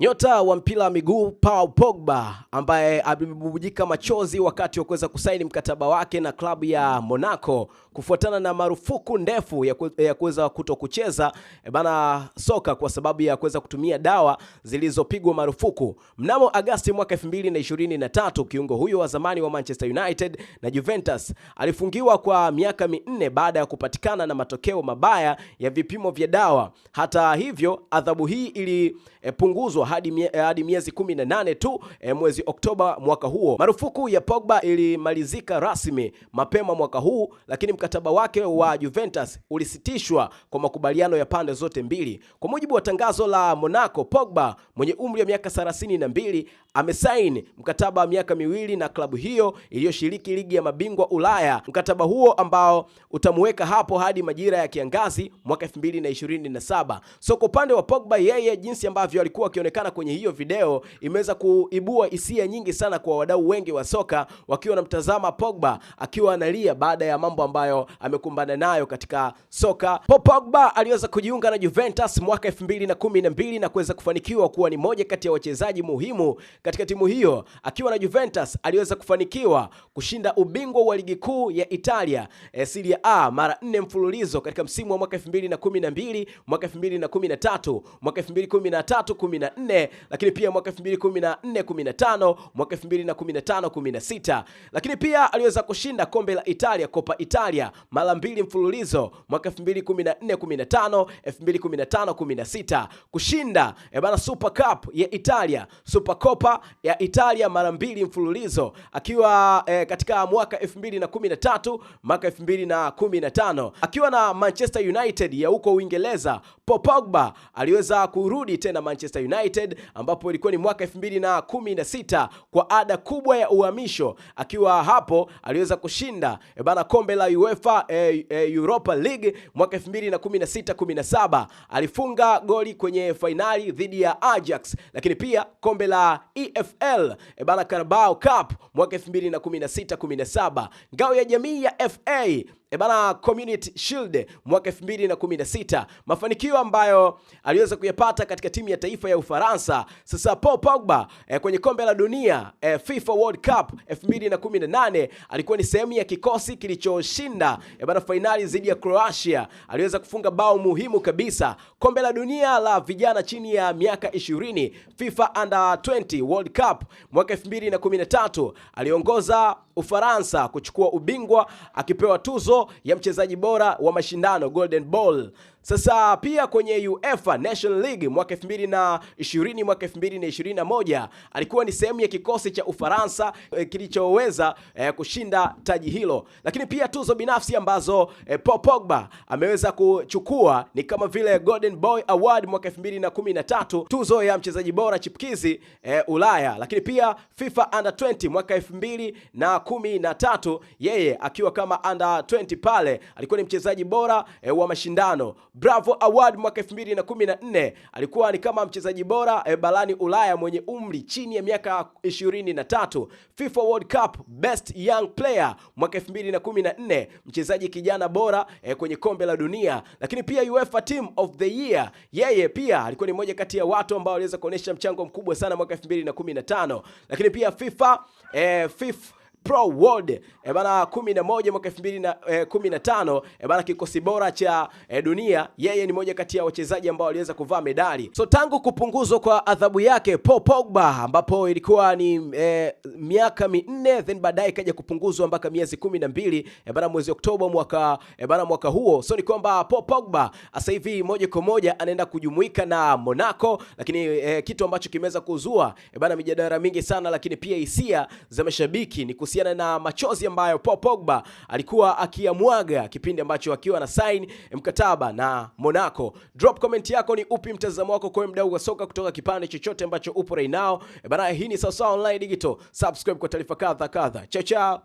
Nyota wa mpira wa miguu Paul Pogba ambaye alibubujika machozi wakati wa kuweza kusaini mkataba wake na klabu ya Monaco kufuatana na marufuku ndefu ya kuweza kuto kucheza e bana soka kwa sababu ya kuweza kutumia dawa zilizopigwa marufuku. Mnamo Agasti mwaka 2023, kiungo huyo wa zamani wa Manchester United na Juventus alifungiwa kwa miaka minne baada ya kupatikana na matokeo mabaya ya vipimo vya dawa. Hata hivyo, adhabu hii ilipunguzwa e, hadi, mie, eh, hadi miezi 18 tu e, mwezi Oktoba mwaka huo. Marufuku ya Pogba ilimalizika rasmi mapema mwaka huu, lakini mkataba wake wa Juventus ulisitishwa kwa makubaliano ya pande zote mbili. Kwa mujibu wa tangazo la Monaco, Pogba mwenye umri wa miaka 32 amesaini mkataba wa miaka miwili na klabu hiyo iliyoshiriki ligi ya mabingwa Ulaya. Mkataba huo ambao utamuweka hapo hadi majira ya kiangazi mwaka 2027. So kwa upande wa Pogba, yeye jinsi ambavyo alikuwa akionekana inayoonekana kwenye hiyo video imeweza kuibua hisia nyingi sana kwa wadau wengi wa soka, wakiwa wanamtazama Pogba akiwa analia baada ya mambo ambayo amekumbana nayo katika soka. Paul Pogba aliweza kujiunga na Juventus mwaka 2012 na, na kuweza kufanikiwa kuwa ni moja kati ya wachezaji muhimu katika timu hiyo. Akiwa na Juventus aliweza kufanikiwa kushinda ubingwa wa ligi kuu ya Italia e, Serie A mara nne mfululizo katika msimu wa mwaka 2012, mwaka 2013, mwaka 2013, 14 14 lakini pia mwaka 2014 15 mwaka 2015 16 lakini pia aliweza kushinda kombe la Italia Coppa Italia mara mbili mfululizo mwaka 2014 15 2015 kushinda e bana Super Cup ya Italia Super Coppa ya Italia mara mbili mfululizo akiwa e, katika mwaka 2013 mwaka 2015 akiwa na Manchester United ya huko Uingereza. Paul Pogba aliweza kurudi tena Manchester United United ambapo ilikuwa ni mwaka 2016 kwa ada kubwa ya uhamisho. Akiwa hapo aliweza kushinda e bana kombe la UEFA e, e, Europa League mwaka 2016 17. Alifunga goli kwenye fainali dhidi ya Ajax, lakini pia kombe la EFL e bana Carabao Cup mwaka 2016 17, ngao ya jamii ya FA E bana, Community Shield mwaka 2016, mafanikio ambayo aliweza kuyapata katika timu ya taifa ya Ufaransa. Sasa Paul Pogba eh, kwenye kombe la dunia eh, FIFA World Cup 2018 alikuwa ni sehemu ya kikosi kilichoshinda e bana fainali dhidi ya Croatia. Aliweza kufunga bao muhimu kabisa kombe la dunia la vijana chini ya miaka 20 FIFA Under 20 World Cup mwaka 2013 aliongoza Ufaransa kuchukua ubingwa akipewa tuzo ya mchezaji bora wa mashindano Golden Ball. Sasa pia kwenye UEFA National League mwaka 2020 mwaka 2021 alikuwa ni sehemu ya kikosi cha Ufaransa eh, kilichoweza eh, kushinda taji hilo, lakini pia tuzo binafsi ambazo eh, Paul Pogba ameweza kuchukua ni kama vile Golden Boy Award mwaka 2013, tuzo ya mchezaji bora chipkizi eh, Ulaya, lakini pia FIFA Under 20 mwaka 2013, yeye akiwa kama Under 20 pale alikuwa ni mchezaji bora eh, wa mashindano Bravo Award mwaka 2014 alikuwa ni kama mchezaji bora e, barani Ulaya mwenye umri chini ya miaka 23. FIFA World Cup Best Young Player mwaka 2014, mchezaji kijana bora e, kwenye kombe la dunia. Lakini pia UEFA Team of the Year, yeye pia alikuwa ni mmoja kati ya watu ambao waliweza kuonesha mchango mkubwa sana mwaka 2015. Lakini pia FIFA, e, FIFA Pro World e bana 11 mwaka 2015 e eh, eh, bana, kikosi bora cha e, dunia. Yeye ni moja kati ya wachezaji ambao waliweza kuvaa medali. So tangu kupunguzwa kwa adhabu yake Paul Pogba, ambapo ilikuwa ni e, miaka minne, then baadaye ikaja kupunguzwa mpaka miezi 12 e bana, mwezi Oktoba mwaka e bana, mwaka huo. So ni kwamba Paul Pogba sasa hivi moja kwa moja anaenda kujumuika na Monaco, lakini e, kitu ambacho kimeweza kuzua e bana mijadala mingi sana, lakini pia hisia za mashabiki ni kuhusiana na machozi ambayo Paul Pogba alikuwa akiamwaga kipindi ambacho akiwa na sign mkataba na Monaco. Drop comment yako, ni upi mtazamo wako kwa mdau wa soka kutoka kipande chochote ambacho upo right now. E bana, hii ni Sawasawa Online Digital. Subscribe kwa taarifa kadha kadha. Chao chao.